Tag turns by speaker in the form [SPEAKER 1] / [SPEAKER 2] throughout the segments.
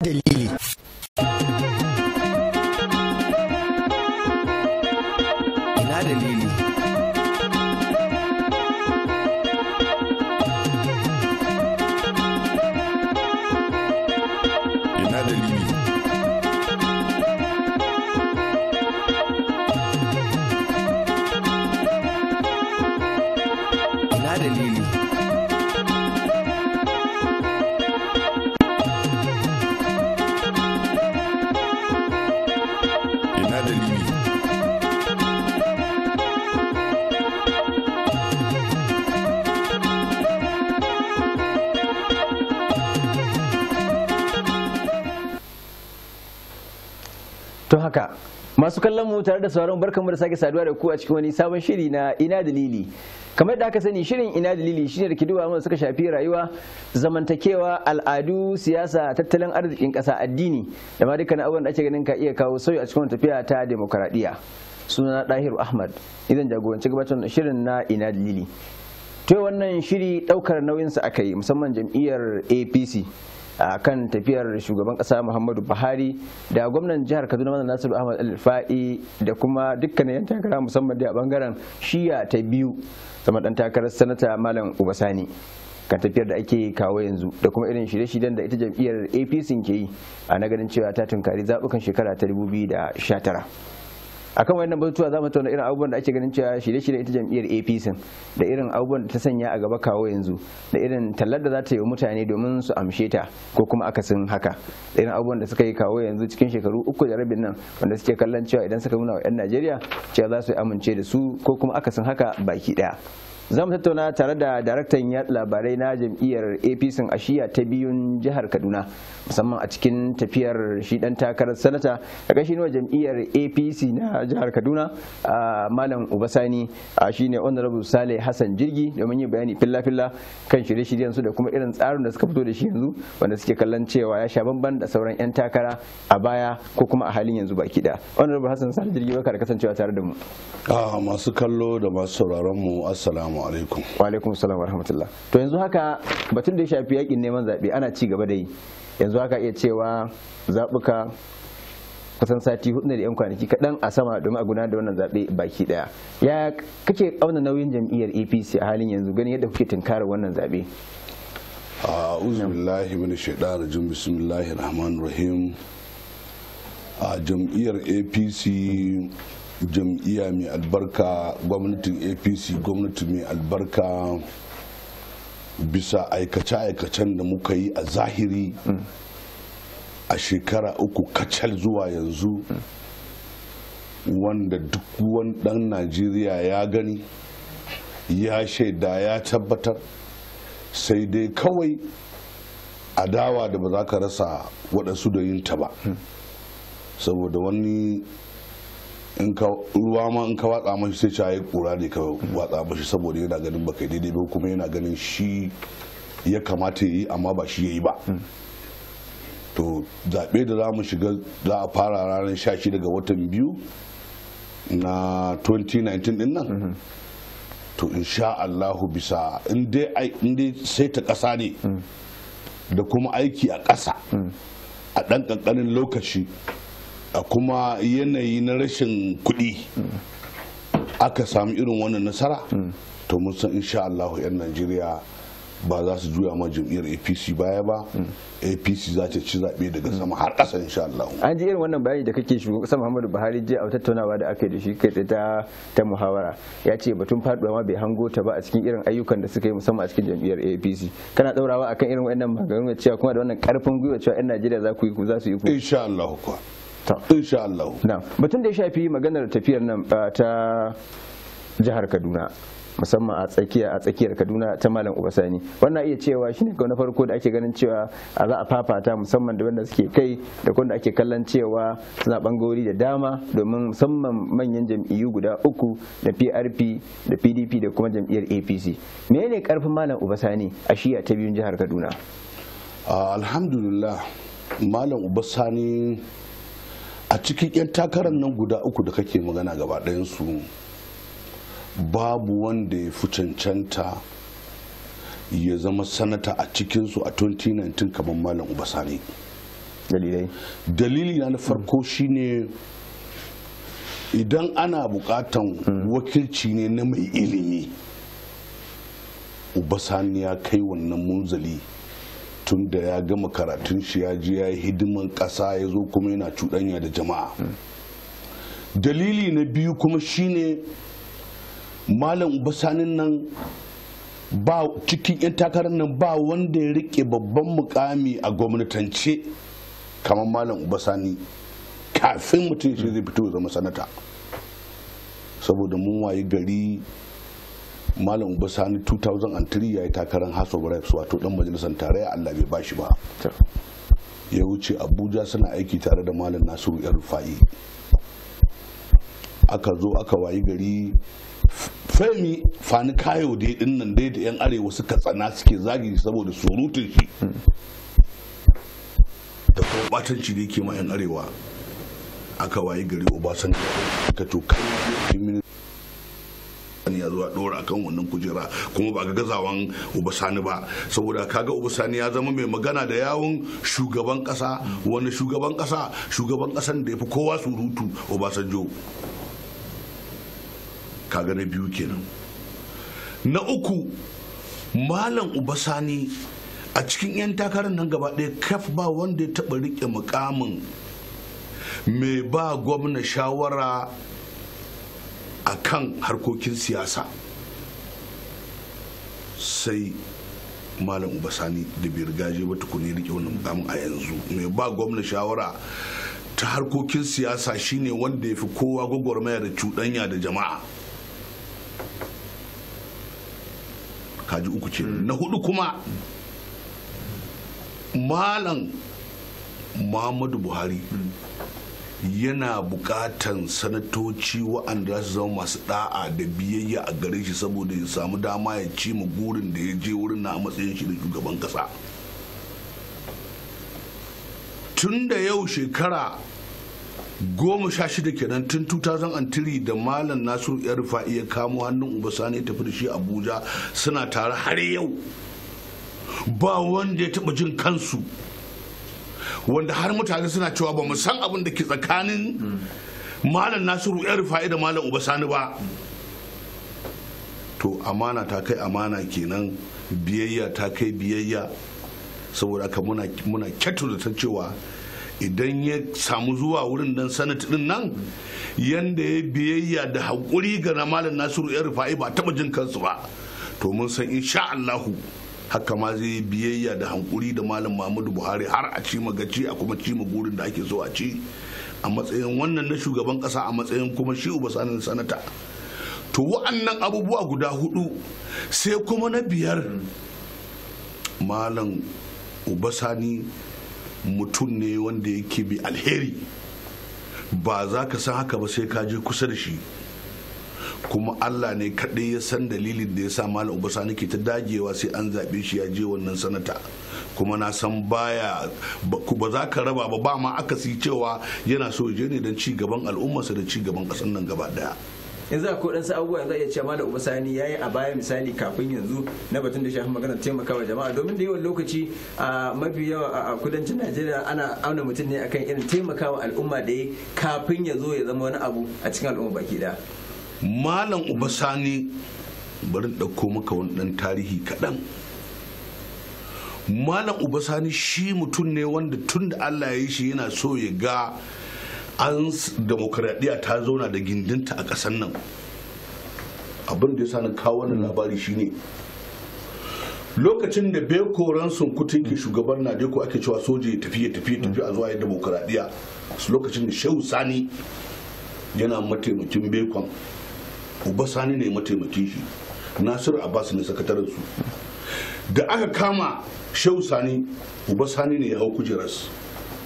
[SPEAKER 1] de Lily.
[SPEAKER 2] mu tare da sauran mu da sake saduwa da ku a cikin wani sabon shiri na ina dalili kamar yadda aka sani shirin ina dalili shine da kiduwa mun suka shafi rayuwa zamantakewa al'adu siyasa tattalin arzikin kasa addini da ma dukkan abubuwan da ake ganin ka iya kawo sauyi a cikin tafiya ta demokaradiyya suna dahiru ahmad idan jagoranci gabatar shirin na ina dalili to wannan shiri daukar nauyinsa a kai, musamman jam'iyyar apc a kan tafiyar shugaban kasa muhammadu buhari da gwamnan jihar kaduna mana nasiru ahmad alfa'i da kuma dukkanin yan takara musamman da a bangaren shiya ta biyu sama dan takarar sanata malam ubasani kan tafiyar da ake kawo yanzu da kuma irin shirye-shiryen da ita jam'iyyar apc ke yi a na ganin cewa ta tunkari zaɓukan shekara ta 2019 akan wannan batutuwa za mu tauna irin abubuwan da ake ganin cewa shirye-shirye ita jam'iyyar APC da irin abubuwan da ta sanya a gaba kawo yanzu da irin tallar da za ta yi wa mutane domin su amshe ta ko kuma akasin haka da irin abubuwan da suka yi kawo yanzu cikin shekaru uku da rabin nan wanda suke kallon cewa idan suka nuna wa 'yan Najeriya cewa za su yi amince da su ko kuma akasin haka baki daya za mu tattauna tare da daraktan yaɗa labarai na jam'iyyar apc a shiya ta biyun jihar kaduna musamman a cikin tafiyar shi dan takarar sanata a ne wa jam'iyyar apc na jihar kaduna a malam ubasani a shine honorable sale hassan jirgi domin yin bayani filla-filla kan shirye-shiryen su da kuma irin tsarin da suka fito da shi yanzu wanda suke kallon cewa ya sha bamban da sauran 'yan takara a baya ko kuma a halin yanzu baki da honorable hassan sale jirgi baka da kasancewa tare da mu ah, masu kallo da masu sauraron mu assalamu assalamu alaikum wa alaikum assalam wa rahmatullah to yanzu haka batun da ya shafi yakin neman zaɓe ana ci gaba da yi yanzu haka iya cewa zaɓuka kusan sati hudu da yan kwanaki kaɗan a sama domin a gudanar da wannan zaɓe baki ɗaya ya kake auna nauyin jam'iyyar apc a halin yanzu ganin yadda kuke tunkarar
[SPEAKER 3] wannan zaɓe a'udhu billahi min shaitan rajim bismillahir rahmanir rahim a jam'iyyar apc jam'iyya mai albarka gwamnatin apc gwamnati mai albarka bisa aikace-aikacen da muka yi a zahiri a shekara uku kacal zuwa yanzu wanda duk wani dan najeriya ya gani ya shaida ya tabbatar sai dai kawai adawa da ba za ka rasa waɗansu da yinta ba saboda wani in ka ruwa ma in ka watsa mashi sai shayi kura ne ka watsa mashi saboda yana ganin baka daidai ba kuma yana ganin shi ya kamata yi amma ba shi ya yi ba to zaɓe da za mu shiga za a fara ranar sha shi daga watan biyu na 2019 din nan mhm. to insha Allahu bisa in dai sai ta ƙasa ne mhm. da kuma aiki a ƙasa mhm. a ɗan ƙanƙanin lokaci a kuma yanayi na rashin kuɗi aka samu irin wannan nasara to mun san insha Allah 'yan Najeriya ba za su juya ma jam'iyyar apc baya ba apc za ta ci zaɓe daga sama har ƙasa insha Allah.
[SPEAKER 2] an ji irin wannan bayani da kake shugo ƙasar muhammadu buhari jiya a tattaunawa da aka yi da shi kai ta ta muhawara ya ce batun faduwa ma bai hango ta ba a cikin irin ayyukan da suka yi musamman a cikin jam'iyyar apc kana daurawa akan irin wannan maganganu cewa kuma da wannan karfin gwiwa cewa 'yan najeriya za ku yi ku za su yi ku. insha Allah kuwa. insha Allah batun da ya shafi maganar tafiyar nan uh, ta jihar Kaduna musamman a tsakiya a tsakiyar Kaduna ta Malam Uba Sani. wannan iya cewa shine ga na farko da ake ganin cewa a za a fafata musamman da wanda suke kai da wanda ake kallon cewa suna bangarori da dama domin musamman manyan jam'iyyu guda uku da PRP da PDP da kuma jam'iyyar APC menene karfin Malam Ubasani a shiya ta biyun jihar Kaduna
[SPEAKER 3] ah, alhamdulillah Malam Ubasani a cikin 'yan takarar nan guda uku da kake magana gaba ɗayansu babu wanda ya fi cancanta ya zama sanata a cikinsu a 2019 kamar malam ubasani dalilai dalili na farko shine idan ana bukatan hmm. wakilci ne na mai ilimi ubasani ya kai wannan munzali tun da ya gama karatun shi ya je ya yi hidiman ƙasa ya zo kuma yana cuɗanya da jama'a dalili na biyu kuma shine malam ubasanin nan cikin 'yan takarar nan ba wanda ya rike babban mukami a gwamnatance kamar malam ubasani kafin mutum shi zai fito zama sanata saboda mun wayi gari malam sani 2003 ya yi takarar house of reps wato dan majalisar tarayya allah bai bashi ba ya wuce abuja suna aiki tare da malam nasiru yan rufa'i aka zo aka wayi gari femi fani kayo da din nan dai da yan arewa suka tsana suke zagi saboda surutun shi hmm. da kuma batanci da yake ma yan arewa aka wayi gari obasanjo ka to kai sani ya zo a dora akan wannan kujera kuma ba ga gazawan ubasani ba saboda kaga ubasani ya zama mai magana da yawun shugaban kasa wani shugaban kasa shugaban kasan da ya fi kowa surutu obasanjo kaga na biyu kenan na uku malam ubasani a cikin 'yan takarar nan gaba ɗaya kaf ba wanda ya taɓa riƙe mukamin mai ba gwamna shawara a kan harkokin siyasa sai malam ubasani da bai riga ba tukuni rike wannan mukamin a yanzu mai ba gwamna shawara ta harkokin siyasa shine wanda ya fi kowa gwagwarmaya da cuɗanya da jama'a kaji uku ce hmm. na hudu kuma malam muhammadu buhari hmm. yana bukatan sanatoci wa'anda su zama masu da'a da biyayya a gare shi saboda ya samu dama ya ci mu gurin da ya je wurin na matsayin shi da shugaban kasa tun da yau shekara goma sha shida kenan tun 2003 da malam nasiru ya rufa iya kamo hannun ubasani tafi da shi abuja suna tare har yau ba wanda ya taba jin kansu wanda har mutane suna cewa ba san abin da ke tsakanin malam nasiru yan rufa'i da malam uba sani ba to amana ta kai amana kenan biyayya ta kai biyayya saboda aka muna muna da ta cewa idan ya samu zuwa wurin dan sanat din nan yanda ya biyayya da haƙuri ga malam nasiru yan rufa'i ba taɓa jin kansu ba to mun san insha Allahu haka ma zai yi biyayya da hankuri da malam muhammadu buhari har a ci gaci a kuma ci gurin da ake so a ci a matsayin wannan na shugaban kasa a matsayin kuma shi uba sanin sanata to wa'annan abubuwa guda hudu sai kuma na biyar malam uba sani mutum ne wanda yake bi alheri ba za ka san haka ba sai ka je kusa da shi kuma Allah ne kaɗai ya san dalilin da ya sa Malam Obasani ke ta dagewa sai an zaɓe shi ya je wannan sanata kuma na san baya ba za ka raba ba ba ma akasi cewa yana so je ne don ci gaban al'ummarsa da ci gaban ƙasar nan gaba daya.
[SPEAKER 2] yanzu akwai sa abubuwa za iya cewa malam ubasani ya yi a baya misali kafin yanzu na batun da shafi magana taimakawa jama'a domin da yawan lokaci a mafi yawa a kudancin najeriya ana auna mutum ne akan irin taimakawa al'umma da ya kafin ya zo ya zama wani abu a cikin al'umma baki daya
[SPEAKER 3] malam uba sani bari ɗauko maka wani ɗan tarihi kaɗan malam uba sani shi mutum ne wanda tun da allah ya yi shi yana so ya ga an demokradiyya ta zauna da gindinta a ƙasar nan abin da ya sani kawo wannan labari shine lokacin da beko ransun kutun ke shugaban na ko ake cewa soja ya tafi ya tafi a zuwa ya demokradiyya lokacin da shehu sani yana mataimakin bekon uba sani ne mataimakin shi nasiru abbas ne sakataren su da aka kama shehu sani uba sani ne ya hau kujeras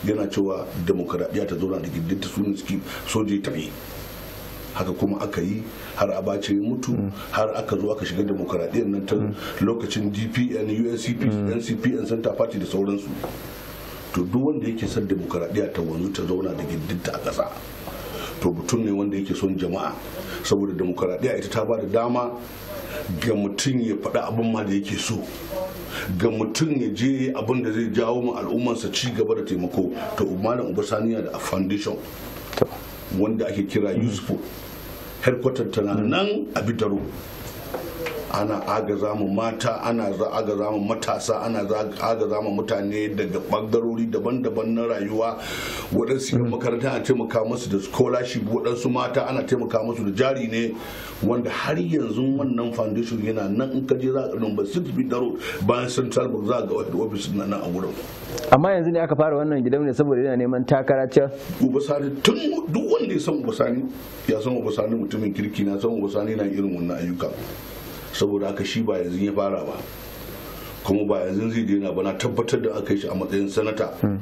[SPEAKER 3] yana cewa demokaradiyya ta zauna da gindinta sunan suke soje ta yi haka kuma aka yi har a bace mutu har aka zo aka shiga demokaradiyyar nan ta lokacin dpn uncp ncp and center party da sauransu to duk wanda yake son demokaradiyya ta wanzu ta zauna da gindinta a ƙasa to mutum ne wanda yake son jama'a saboda demokaradiyya ita ta ba da dama ga mutum ya faɗa abin ma da yake so ga mutum ya je abin da zai jawo ma al'ummarsa ci gaba da taimako ta umarin ubasaniya da foundation wanda ake kira useful headquarter tana nan a bidaro ana agaza mu mata ana agaza mu matasa ana agaza mu mutane daga bangarori daban-daban na rayuwa waɗansu yan mm. makaranta ana taimaka musu da scholarship waɗansu mata ana taimaka musu da jari ne wanda har yanzu wannan foundation yana nan in ka je za ka number su bi daro bayan central bank za ga wani office na nan a wurin
[SPEAKER 2] amma yanzu ne aka fara wannan ne saboda yana neman takara can
[SPEAKER 3] ubasani tun duk wanda ya san ubasani ya san ubasani mutumin kirki na san ubasani na irin wannan ayyuka saboda haka shi ba yanzu ya fara ba kuma ba yanzu zai daina ba na tabbatar da aka yi shi a matsayin sanata hmm.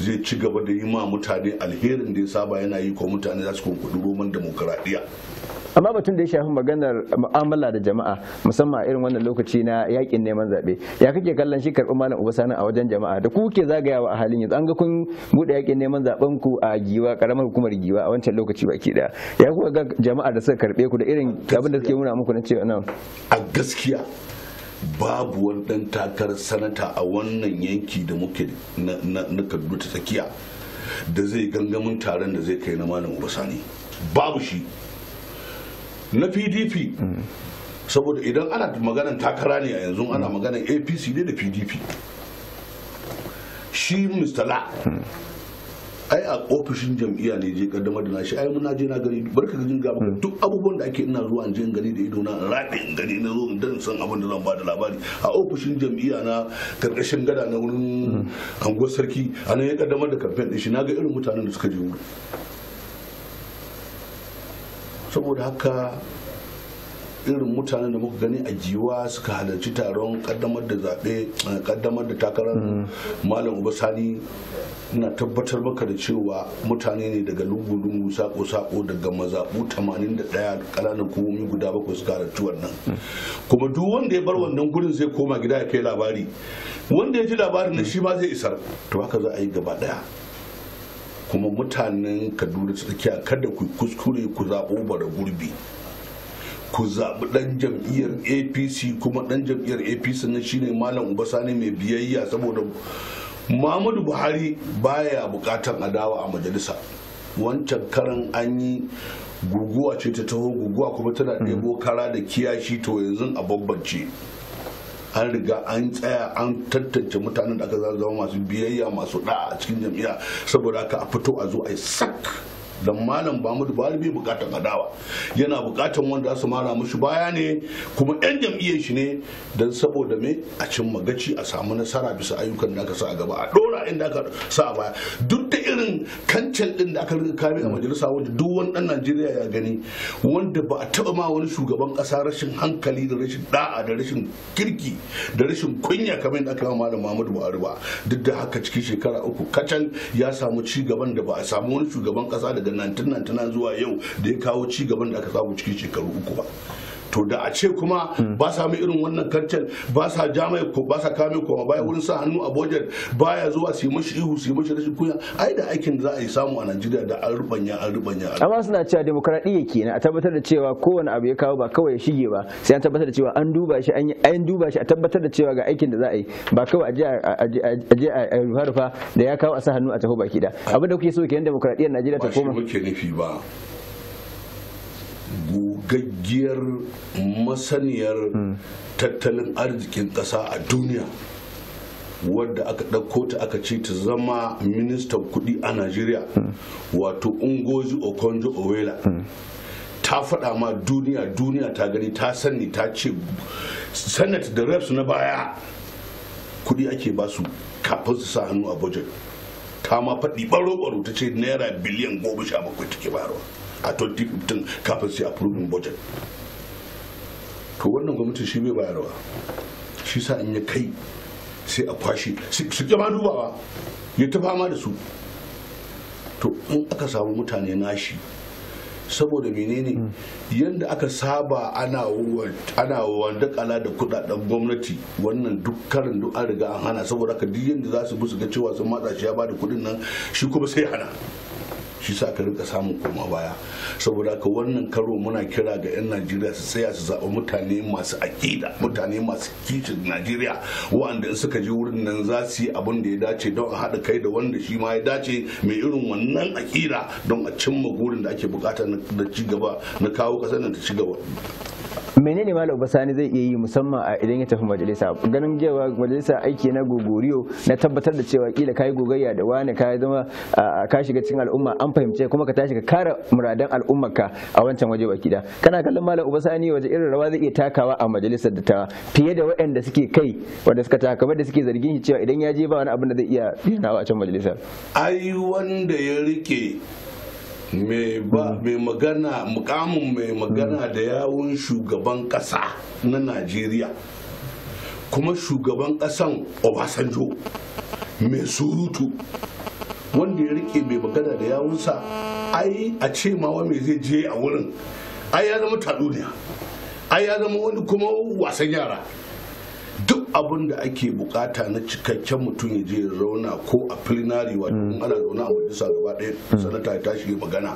[SPEAKER 3] zai ci gaba da yi ma mutane alherin da ya saba yana yi ko mutane za su kunkuɗi roman demokuraɗiyya
[SPEAKER 2] amma batun da ya shafi maganar mu'amala da jama'a musamman a irin wannan lokaci na yakin neman zaɓe ya kake kallon shi karɓi malam Uba Sani a wajen jama'a da ku ke zagayawa a halin yanzu an ga kun buɗe yakin neman zaɓen ku a giwa karamar hukumar giwa a wancan lokaci baki ɗaya. ya kuka ga jama'a da suka karɓe ku da irin abin da
[SPEAKER 3] suke nuna muku na cewa nan a gaskiya babu wani ɗan takarar sanata a wannan yanki da muke na kaduna ta tsakiya da zai gangamin taron da zai kai na malam Uba Sani, babu shi na pdp saboda idan ana maganar takara ne a yanzu ana maganar apc ne da pdp shi mr la ai a ofishin jam'iyya ne je kaddamar da nashi ai muna je na gani barka gajin gaba duk abubuwan da ake ina zuwa in je gani da ido na rabe in gani na zo in dan san abin da zan ba da labari a ofishin jam'iyya na karkashin gada na wurin anguwar sarki anan ya kaddamar da kamfen din shi na ga irin mutanen da suka je wurin saboda haka irin mutanen da muka gani a jiwa suka halarci taron kaddamar da zaɓe kaddamar da takarar mm. malam uba Sani na tabbatar maka da cewa mutane ne daga lungu-lungu sako-sako daga mazaɓu 81 ƙananan hukumomi guda bakwai suka halarci wannan mm. kuma duk wanda ya bar wannan gurin zai koma gida ya kai labari wanda ya ji labarin na shi ma zai isar to haka za a yi gaba ɗaya kuma mutanen kaduna ta tsakiya kada ku kuskure ku zaɓo bara gurbi ku zaɓi ɗan jam'iyyar apc kuma ɗan jam'iyyar apc na shine malam Uba Sani mai biyayya saboda muhammadu buhari baya buƙatar adawa a majalisa wancan karan an yi guguwa ce ta taho guguwa kuma tana hmm. ɗebo kara da kiyashi to yanzu a bambance an riga an tsaya an tantance mutanen da aka zama masu biyayya masu da'a a cikin jam'iyya saboda haka a fito a zo a yi sak don malam Muhammadu Buhari bai bukatan adawa yana bukatan wanda su mara mushi baya ne kuma yan jam'iyyar shi ne don saboda me a cin magaci a samu nasara bisa ayyukan da aka sa a gaba a dora inda aka sa a baya duk da irin kancan din da aka rika kame a majalisa wanda duk wani dan Najeriya ya gani wanda ba a taba ma wani shugaban kasa rashin hankali da rashin da'a da rashin kirki da rashin kunya kamar yadda aka yi malam Muhammadu Buhari ba duk da haka cikin shekara uku kacal ya samu ci gaban da ba a samu wani shugaban kasa da daga 1999 zuwa yau da ya kawo ci gaban da aka samu cikin shekaru uku ba to da a ce kuma ba sa mai irin wannan kancan ba sa jami'a ko ba sa kame koma baya wurin sa hannu a budget baya zuwa su yi mashi ihu su yi mashi rashin kunya ai da aikin za a yi samu a Najeriya da an rubanya an rubanya
[SPEAKER 2] amma suna cewa demokradiyya kenan a tabbatar da cewa kowane abu ya kawo ba kawai ya shige ba sai an tabbatar da cewa an duba shi an duba shi a tabbatar da cewa ga aikin da za a yi ba kawai a je a rufa rufa da ya kawo a sa hannu a taho baki da abin da kuke so kenan demokradiyyar Najeriya ta koma ba
[SPEAKER 3] shi muke nufi ba Gugaggiyar masaniyar hmm. tattalin arzikin ƙasa a duniya wadda aka ɗauko ta aka ce ta zama ministan kuɗi a najeriya hmm. wato ungozi okonjo owela hmm. ta faɗa ma duniya duniya ta gani ta sani ta ce senate da reps na baya kuɗi ake ba su kafin su sa hannu a budget ta ma faɗi baro-baro ta ce naira biliyan goma sha bakwai take bayarwa a 2015 kafin su approving budget to wannan gwamnati shi bai bayarwa shi sa in ya kai sai a kwashi su jama dubawa ya ta fama da su to in aka samu mutane nashi saboda menene hmm. yadda aka saba ana wanda kala da kudaden gwamnati wannan duk karin duk an riga an hana saboda ka duk yadda za su bi su ga cewa sun matsa shi ya da kudin nan shi kuma sai hana shi sa ka rika samun koma baya saboda haka wannan karo muna kira ga 'yan najeriya su tsaya su zaɓi mutane masu aƙida mutane masu kicin najeriya wanda in suka je wurin nan za su yi abin da ya dace don a haɗa kai da wanda shi ma ya dace mai irin wannan aƙida don a cimma gurin da ake bukata na ci gaba na kawo ƙasar nan ta ci gaba
[SPEAKER 2] menene malam sani zai iya yi musamman a idan ya tafi majalisa ganin cewa majalisa aiki na gogoriyo na tabbatar da cewa kila kai gogayya da wani ka zama ka shiga cikin al'umma an fahimce kuma ka tashi ka kara muradan al'ummar ka a wancan waje baki da kana kallon malam sani waje irin rawa zai iya takawa a majalisar ta fiye da waɗanda suke kai wanda suka taka kamar da suke zargin shi cewa idan ya je ba wani abin da zai iya yana a can majalisar
[SPEAKER 3] ai wanda ya rike mai mm. magana mukamin mai magana mm. da yawun shugaban kasa na najeriya kuma shugaban kasan obasanjo mai surutu wanda ya rike mai magana da yawunsa ai a ce mawa mai zai je a wurin ai ya zama taɗuniya ai ya zama wani kuma wasan yara duk abin da ake bukata na cikakken mutum ya je ya zauna ko a plenary wato in ana rauna a majalisa gaba ɗaya sanata ya tashi ya magana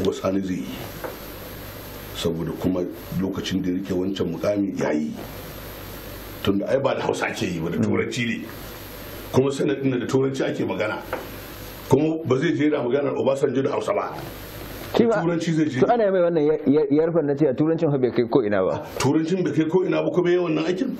[SPEAKER 3] wasu sani zai yi saboda kuma lokacin da rike wancan mukami ya yi tunda ai ba da hausa ake yi ba da turanci ne kuma sanadin da turanci ake magana kuma ba zai je da maganar obasanjo da hausa ba
[SPEAKER 2] turanci zai je to ana mai wannan yarfan na cewa turancin bai kai ko ina ba
[SPEAKER 3] turancin bai kai ko ina ba kuma yawan nan aikin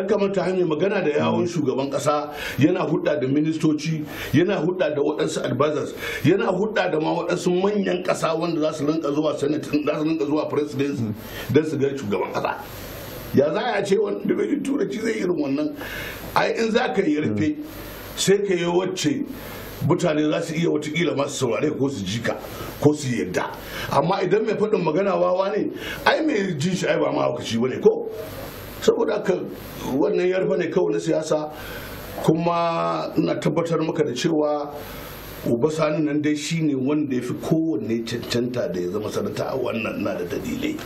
[SPEAKER 3] ta hanyar magana da yawon shugaban kasa yana hudda da ministoci yana hudda da waɗansu advisors yana hudda da ma waɗansu manyan kasa wanda za su rinka zuwa senate za su rinka zuwa presidency don su ga shugaban kasa ya za a ce wani da bai turanci zai irin wannan ai in za ka yi rufe sai ka yi wacce mutane za su iya watakila masu saurare ko su jika ko su yadda amma idan mai faɗin magana wawa ne ai mai jin shi ai ba ma ba ne, ko saboda ka wannan yarba ne kawai na siyasa kuma ina tabbatar maka da cewa uba sani nan dai shine wanda ya fi kowanne cancanta da ya zama sanata a wannan na da dalilai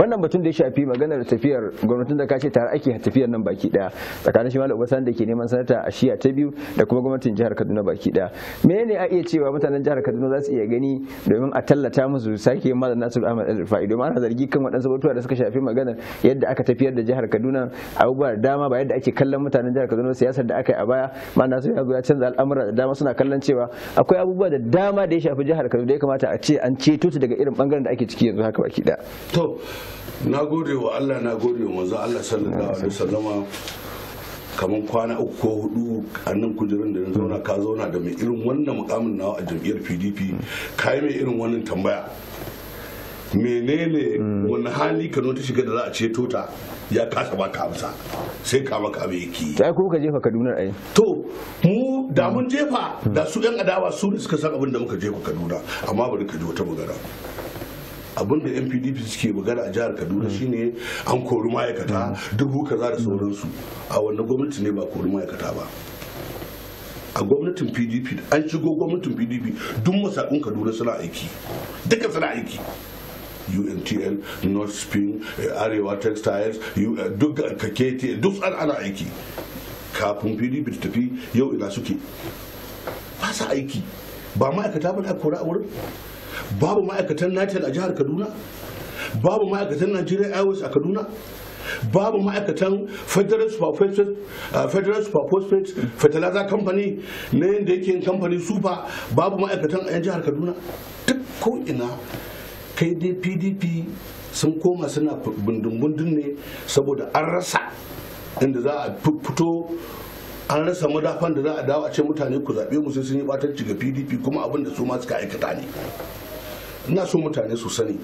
[SPEAKER 2] wannan batun da ya shafi magana da tafiyar gwamnatin da kace tare ake tafiyar nan baki daya tsakanin shi Obasan da ke neman sanata a shiya ta biyu da kuma gwamnatin jihar kaduna baki daya menene a iya cewa mutanen jihar kaduna za su iya gani domin a tallata musu sake malam nasiru ahmad al domin ana zargi kan waɗansu batuwa da suka shafi magana yadda aka tafiyar da jihar kaduna abubuwa da dama ba yadda ake kallon mutanen jihar kaduna siyasar da aka yi a baya Ma nasiru ya ya canza al'amura da dama suna kallon cewa akwai abubuwa da dama da ya shafi jihar kaduna da ya kamata a ce an ceto su daga irin bangaren da ake ciki yanzu haka baki daya
[SPEAKER 3] na gode wa allah na gode wa manzo allah sallallahu alaihi wasallama kamar kwana uku ko hudu a nan kujerun da na zauna ka zauna da mai irin wannan mukamin nawa a jam'iyyar pdp ka yi mai irin wannan tambaya menene wani hali ka ta shiga da za a ceto ta ya kasa ba ka amsa sai kama kame yake ta ko ka jefa kaduna ai to mu da mun jefa da su yan adawa su ne suka san abin da muka jefa kaduna amma bari ka ji wata magana abin da npdp suke magana a jihar kaduna mm. shine an kori ma'aikata mm. dubu kaza da sauransu a wannan gwamnati ne ba kori ma'aikata ba a gwamnatin pdp an shigo gwamnatin pdp duk masakun kaduna suna aiki duka suna aiki untl north spring eh, arewa textiles eh, duk kakete duk an ana aiki kafin pdp ta tafi yau ina suke ba sa aiki ba ma'aikata ba ta kora a wurin babu ma'aikatan natal a jihar kaduna babu ma'aikatan nigeria airways a kaduna babu ma'aikatan federal superphosphate uh, fertilizer company na yadda yake yin kamfani super babu ma'aikatan a yan jihar kaduna duk ina kai dai pdp sun koma suna bindin ne saboda an rasa inda za a fito an rasa madafan da za a dawo a ce mutane ku zaɓe mu sai sun yi batanci ga pdp kuma abin da su ma suka aikata ne ina so mutane su sani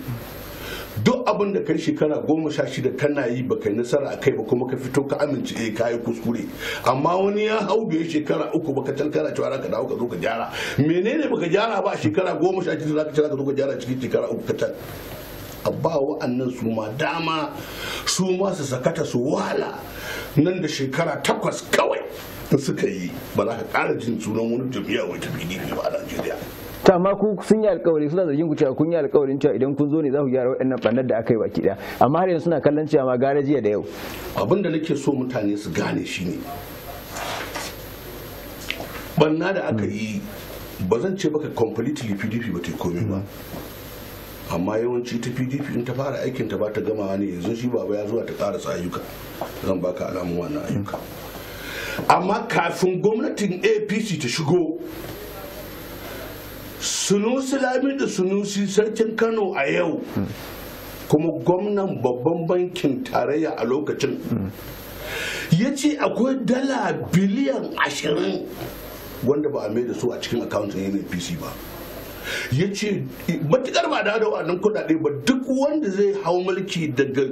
[SPEAKER 3] duk abin da kai shekara goma sha shida kana yi ba kai nasara a kai ba kuma ka fito ka amince eh ka yi kuskure amma wani ya hau biyu shekara uku baka talkara cewa ka dawo ka zo ka gyara menene baka gyara ba a shekara goma sha shida ka ce ka zo ka gyara cikin shekara uku tal a ba wa'annan su ma dama su ma su sakata su wahala nan da shekara takwas kawai da suka yi ba za ka ƙara jin sunan wani jami'a wata pdp ba a
[SPEAKER 2] najeriya ta ma ku sun yi alkawari suna zargin ku cewa kun yi alkawarin cewa idan kun zo ne za ku gyara waɗannan ɓannar da aka yi baki ɗaya amma har yanzu suna kallon cewa ma gara jiya da yau abin da nake so
[SPEAKER 3] mutane su gane shi ne. banna da aka yi ba zan ce baka completely pdp ba ta yi ba amma yawanci ta pdp in ta fara aikin ta ba ta gama ne yanzu shi baba ya zuwa ta karasa ayyuka zan baka alamun wannan ayyuka amma kafin gwamnatin apc ta shigo sunusi da sunusi sarkin kano a yau kuma gwamnan babban bankin tarayya a lokacin ya ce akwai dala biliyan ashirin wanda ba a mai da su a cikin akawuntin nnpc ba ya ce matukar ba da wannan kudade ba duk wanda zai hau mulki daga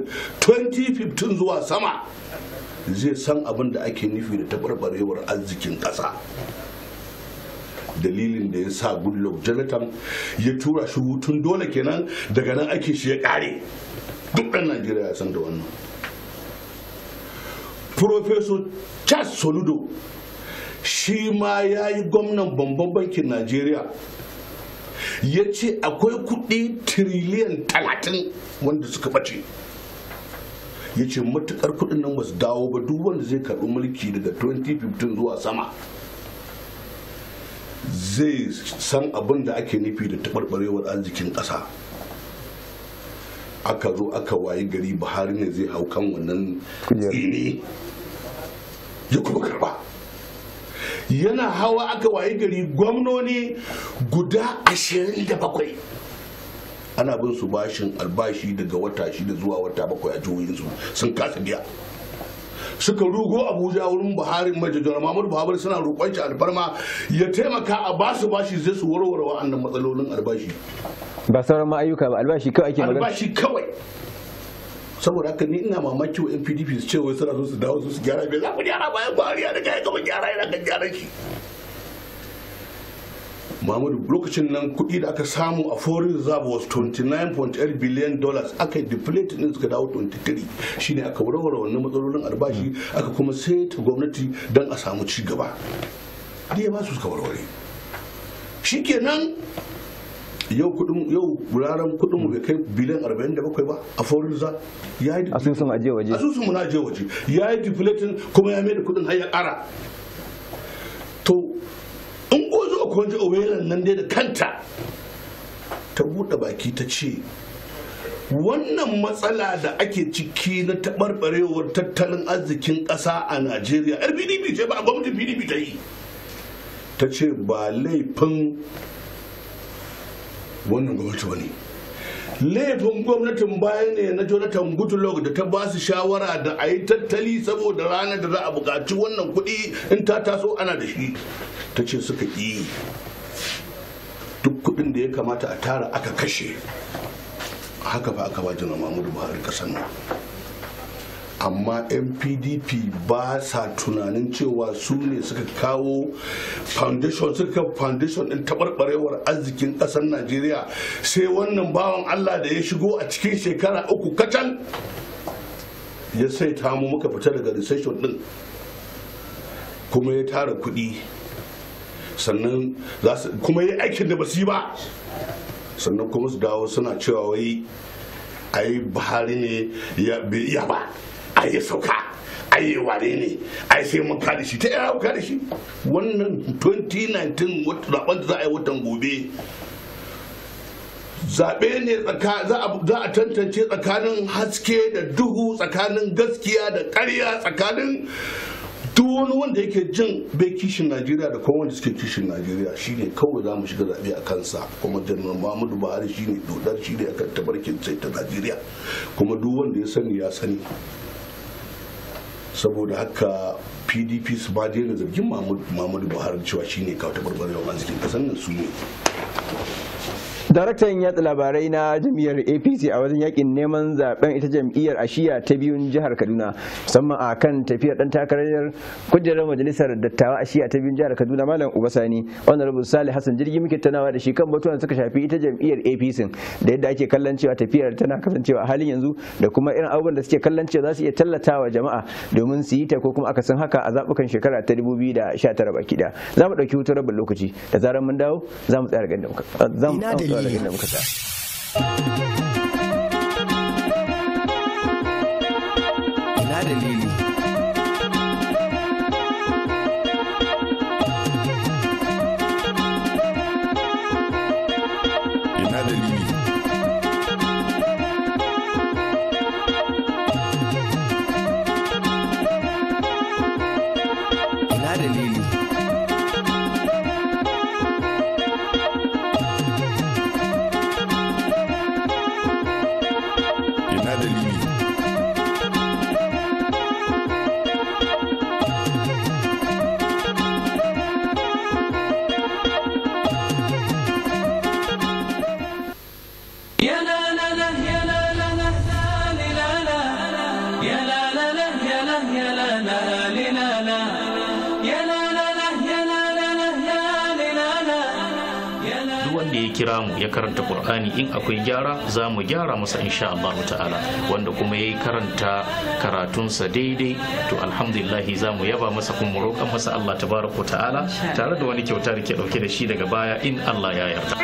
[SPEAKER 3] 2015 zuwa sama zai san abin da ake nufi da tabarbarewar arzikin ƙasa dalilin da ya sa goodluck jonathan ya tura shi hutun dole kenan daga nan ake shi ya kare duk ɗan najeriya san da wannan Professor charles soludo shi ma ya yi gwamnan bambam bankin najeriya ya ce akwai kudi tiriliyan talatin wanda suka ɓace ya ce matukar kudin nan ba su dawo ba duk wanda zai karɓi mulki daga 2015 zuwa sama zai san abin da ake nufi da taɓarɓarewar arzikin ƙasa aka zo aka wayi gari buhari ne zai hau kan wannan tsini ya kuma karba yana hawa aka wayi gari gwamnoni guda 27 ana bin su bashin albashi daga wata shida zuwa wata bakwai a jihohinsu sun kasa biya suka rugo abuja wurin buhari mai jajjara mahmud buhari suna roƙon shi alfarma ya taimaka a basu bashi zai su warware wa'annan matsalolin albashi
[SPEAKER 2] ba sauran ma'ayyuka ba albashi kawai ake magana albashi
[SPEAKER 3] kawai saboda haka ni ina mamaki wa NPDP su ce wai suna so su dawo su gyara bai za ku gyara bayan buhari ya daga ya gaba gyara yana kan gyaran shi Muhammadu lokacin nan kuɗi da aka samu a foreign reserve was 29.8 billion dollars aka deflate din suka dawo 23 shine aka warware wannan matsalolin albashi aka kuma ta gwamnati don a samu ci gaba. ya ba su suka warware. Shikenan yau kudin yau wuraren kudin mu bai kai biliyan 47 ba a forinza ya yi asusun aje waje asusun mu na aje waje ya yi deflating kuma ya mai da kudin har ya kara kun ji nan dai da kanta ta buɗe baki ta ce wannan matsala da ake ciki na taɓarɓarewar tattalin arzikin ƙasa a najeriya yar pdp ce ba gwamnatin pdp ta yi ta ce ba laifin wannan gwamnati ba ne laifin gwamnatin baya ne na jonathan goodluck da ta ba su shawara da a yi tattali saboda ranar da za a buƙaci wannan kuɗi in ta taso ana da shi ta ce suka yi duk kuɗin da ya kamata a tara aka kashe haka ba aka ba jiran mahmudu buhari ƙasar nan amma yan ba sa tunanin cewa su ne suka kawo foundation suka foundation din tabarbarewar arzikin kasar najeriya sai wannan bawan allah da ya shigo a cikin shekara uku kacal ya sai ta mu muka fita daga recession din kuma ya tara kuɗi sannan kuma ya aikin da ba su yi ba sannan kuma su dawo suna cewa wai a yi buhari ne ya ba Ayi ya sauka ayi ware ne ai sai mun kare shi ta yau kare shi wannan 2019 wata zaben da za a yi watan gobe zaɓe ne za a tantance tsakanin haske da duhu tsakanin gaskiya da ƙarya tsakanin duk wani wanda yake jin bai kishin najeriya da kuma suke kishin najeriya shine kawai za mu shiga zaɓe a kansa kuma janar muhammadu buhari shine dodar shine akan tabarkin sai najeriya kuma duk wanda ya sani ya sani saboda haka pdp su ba daina zargin mahmudu buhari cewa shine kawo taɓarɓarewar arzikin ƙasar nan su ne
[SPEAKER 2] Daraktan yatsa labarai na jam'iyyar APC a wajen yakin neman zaben ita jam'iyyar Ashiya ta biyun jihar Kaduna musamman a kan tafiyar dan takarar kujerar majalisar dattawa Ashiya ta biyun jihar Kaduna Malam Ubasani Honorable Salih Hassan jirgi muke tunawa da shi kan batuwan suka shafi ita jam'iyyar APC da yadda ake kallon cewa tafiyar tana kasancewa a halin yanzu da kuma irin abubuwan da suke kallon cewa za su iya tallatawa jama'a domin su yi ta ko kuma akasin haka a zabukan shekara ta 2019 baki daya za mu dauki hutun rabin lokaci da zaran mun dawo za mu tsaya daga da muka tsaya ina dalili in akwai gyara za mu gyara masa insha Allah ta'ala wanda kuma ya yi karanta karatunsa daidai to alhamdulillahi za mu yaba masa kuma mu masa Allah tabaraka ta'ala tare da wani kyauta da ke ɗauke da shi daga baya in Allah ya yarda.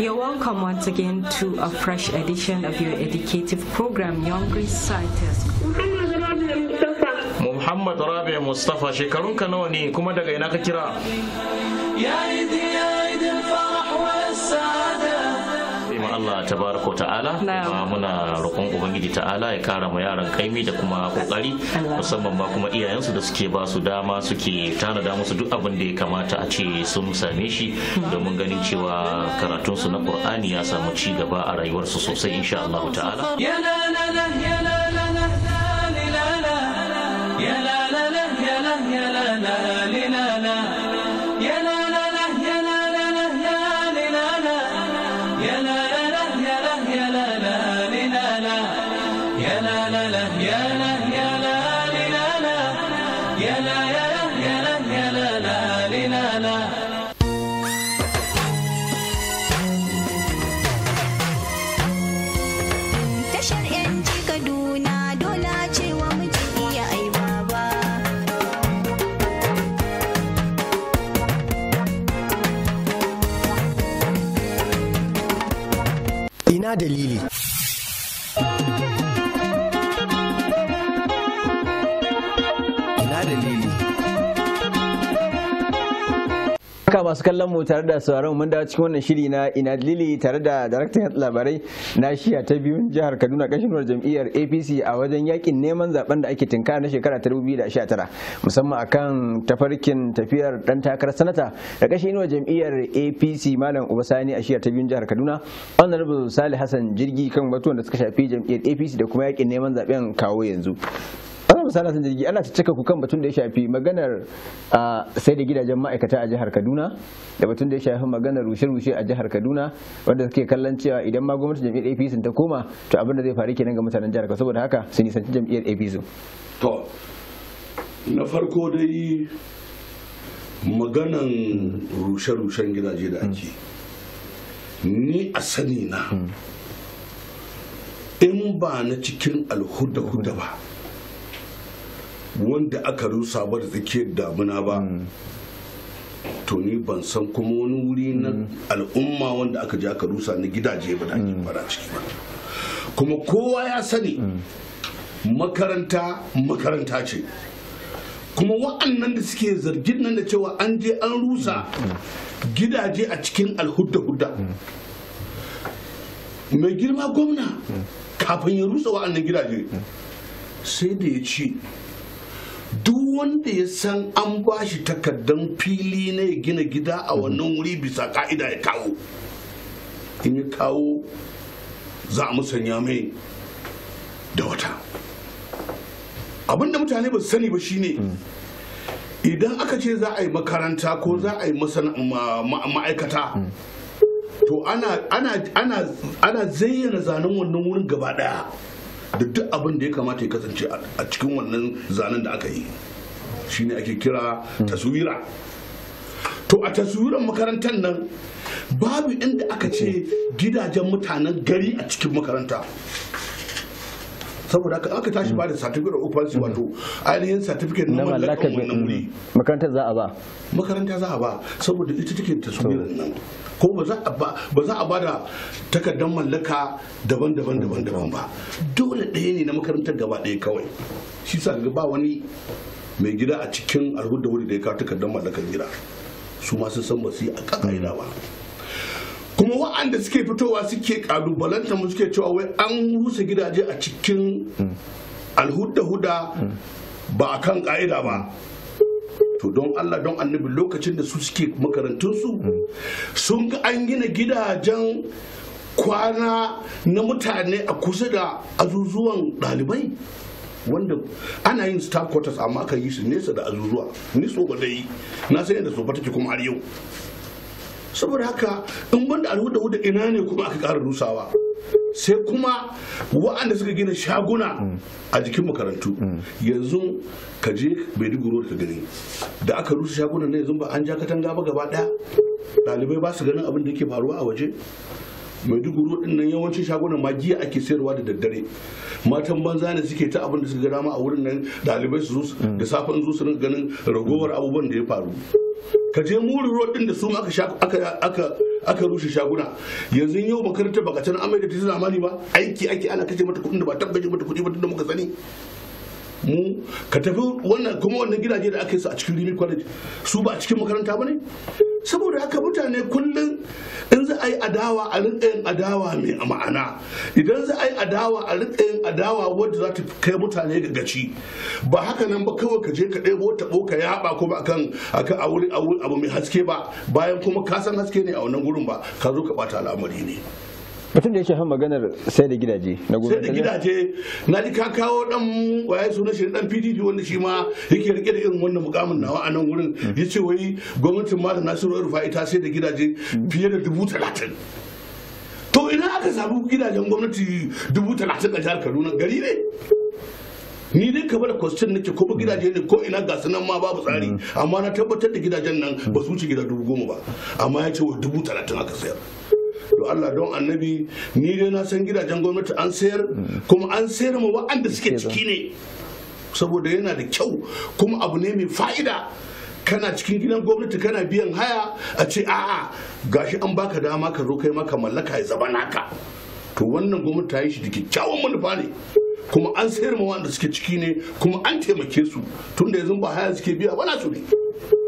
[SPEAKER 2] You're welcome once again to a fresh edition of your educative program, Young Reciters. Muhammad Rabi Mustafa shekarunka nawa ne kuma daga ina ka kira?
[SPEAKER 1] يا عيد يا عيد
[SPEAKER 2] kuma muna roƙon ubangiji ta'ala ya kara ma yaran kaimi da kuma kokari musamman ma kuma iyayensu da suke ba su dama suke tanada musu duk abin da ya kamata a ce sun same shi domin ganin cewa karatunsu na qur'ani ya samu ci gaba a rayuwarsu sosai insha Allah ta'ala
[SPEAKER 1] ya la la la ya la la la la la la la la la
[SPEAKER 2] de l'île. haka masu kallon mu tare da sauraron mun dawo cikin wannan shiri na ina lili tare da daraktan labarai na shiya ta biyun jihar kaduna kashinwar jam'iyyar apc a wajen yakin neman zaben da ake tinka na shekara ta 2019 musamman akan tafarkin tafiyar dan takarar sanata da kashinwar jam'iyyar apc malam ubasani a shiya ta biyun jihar kaduna honorable salih hassan jirgi kan batuwan da suka shafi jam'iyyar apc da kuma yakin neman zaben kawo yanzu sauran misalan sun jirgi ana ta cika ku kan batun da ya shafi maganar sai da gidajen ma'aikata a jihar Kaduna da batun da ya shafi maganar rushe-rushe a jihar Kaduna wanda suke kallon cewa idan ma gwamnatin jam'iyyar APC ta koma to abin da zai faru kenan ga mutanen jihar saboda haka sun nisanci jam'iyyar APC.
[SPEAKER 3] To na farko dai maganan rushe-rushen gidaje da ake ni a sani na in ba na cikin alhuda-huda ba wanda aka rusa ba da tsakiyar damuna ba mm. to ni ban san kuma wani wuri na mm. al'umma wanda aka je aka rusa na gidaje ba da ake mm. fara ciki ba kuma kowa ya sani makaranta makaranta ce kuma wa'annan da suke zargin nan da cewa an je an rusa gidaje a cikin alhudda-hudda mai girma gwamna kafin ya rusa wa'annan gidaje sai da ya ce duk wanda ya san an ba shi takardan fili na ya gina gida a wannan wuri bisa ka'ida ya kawo in ya kawo za a musanya mai da wata abinda mutane ba su sani ba shine idan aka ce za a yi makaranta ko za a yi ma'aikata to ana zayyana zanen wannan wurin gaba daya da duk abin da ya kamata ya kasance a cikin wannan zanen da aka yi shine ake kira taswira to a taswiran makarantar nan babu inda aka ce gidajen mutanen gari a cikin makaranta saboda haka aka tashi mm. ba da certificate of occupancy mm. wato ainihin certificate na mallaka wannan wuri makaranta za a ba makaranta za a ba saboda ita take ta sumirin nan ko ba za a ba ba da takardar mallaka daban-daban daban-daban ba dole ɗaya ne na makarantar gaba ɗaya kawai shi sa ga ba wani mai gida a cikin alhudda wuri da ya kawo takardar mallakar gida su ma sun san ba su yi a ƙaƙa ba mm. kuma wa'anda suke fitowa suke kalubalanta mu suke cewa wai an rusa gidaje a cikin alhuda-huda ba a kan ka'ida ba to don Allah don annabi lokacin da su suke makarantunsu sun ga an gina gidajen kwana na mutane a kusa da azuzuwan ɗalibai wanda ana yin star quarters amma kan yi su nesa da azuzuwa ni so ba dai na san yadda so take kuma har yau saboda haka in banda alhuda wuda ina ne kuma aka kara rusawa sai kuma wa'anda suka gina shaguna a jikin makarantu yanzu ka je maiduguro ka gani da aka rusa shagunan na yanzu ba an ja katanga ba gaba ɗaya ɗalibai ba su ganin abin da yake faruwa a waje maiduguro din nan yawancin shagunan ma giya ake sayarwa da daddare matan banza ne suke ta abin da suka ga dama a wurin nan ɗalibai su da safen zo su ganin ragowar abubuwan da ya faru ka je muri road din da su aka rushe shaguna yanzu yau makarantar baka can amai da ta zamani ba aiki ake ana kashe mata kuɗin da ba tabbaje mata kuɗi ba tunda muka sani mu ka tafi wannan kuma wannan gidaje da aka yi su a cikin rimi college su ba a cikin makaranta ba ne saboda haka mutane kullum in za a yi adawa a adawa mai ma'ana idan za a yi adawa a adawa wadda za ta kai mutane ga gaci ba haka nan ba kawai ka je ka ɗebo taɓo ka yaɓa kuma akan akan a wuri abu mai haske ba bayan kuma ka san haske ne a wannan gurin ba ka zo ka ɓata al'amari ne
[SPEAKER 2] mutum da ya shafi maganar sai da gidaje na gobe sai da gidaje
[SPEAKER 3] na ji ka kawo dan waye sunan shi dan PDP wanda shi ma yake rike da irin wannan mukamin nawa a nan wurin yace wai gwamnatin da Nasiru Rufai ta sai da gidaje fiye da dubu talatin to ina aka samu gidajen gwamnati dubu talatin a jihar Kaduna gari ne ni dai kamar da kwastin nake ko gidaje ne ko ina ga nan ma babu tsari mm. amma na tabbatar da gidajen nan ba su wuce gida dubu goma ba amma ya ce wa dubu talatin aka sayar to Allah don annabi ni dai na san gidajen gwamnati an sayar kuma an sayar ma wa'anda suke ciki ne saboda yana da kyau kuma abu ne mai fa'ida kana cikin gidan gwamnati kana biyan haya a ce a'a gashi an baka dama ka zo kai maka mallaka ya zama naka to wannan gwamnati ta yi shi da kyakkyawan manufa ne kuma an sayar ma wanda suke ciki ne kuma an taimake su tunda yanzu ba haya suke biya ba na su ne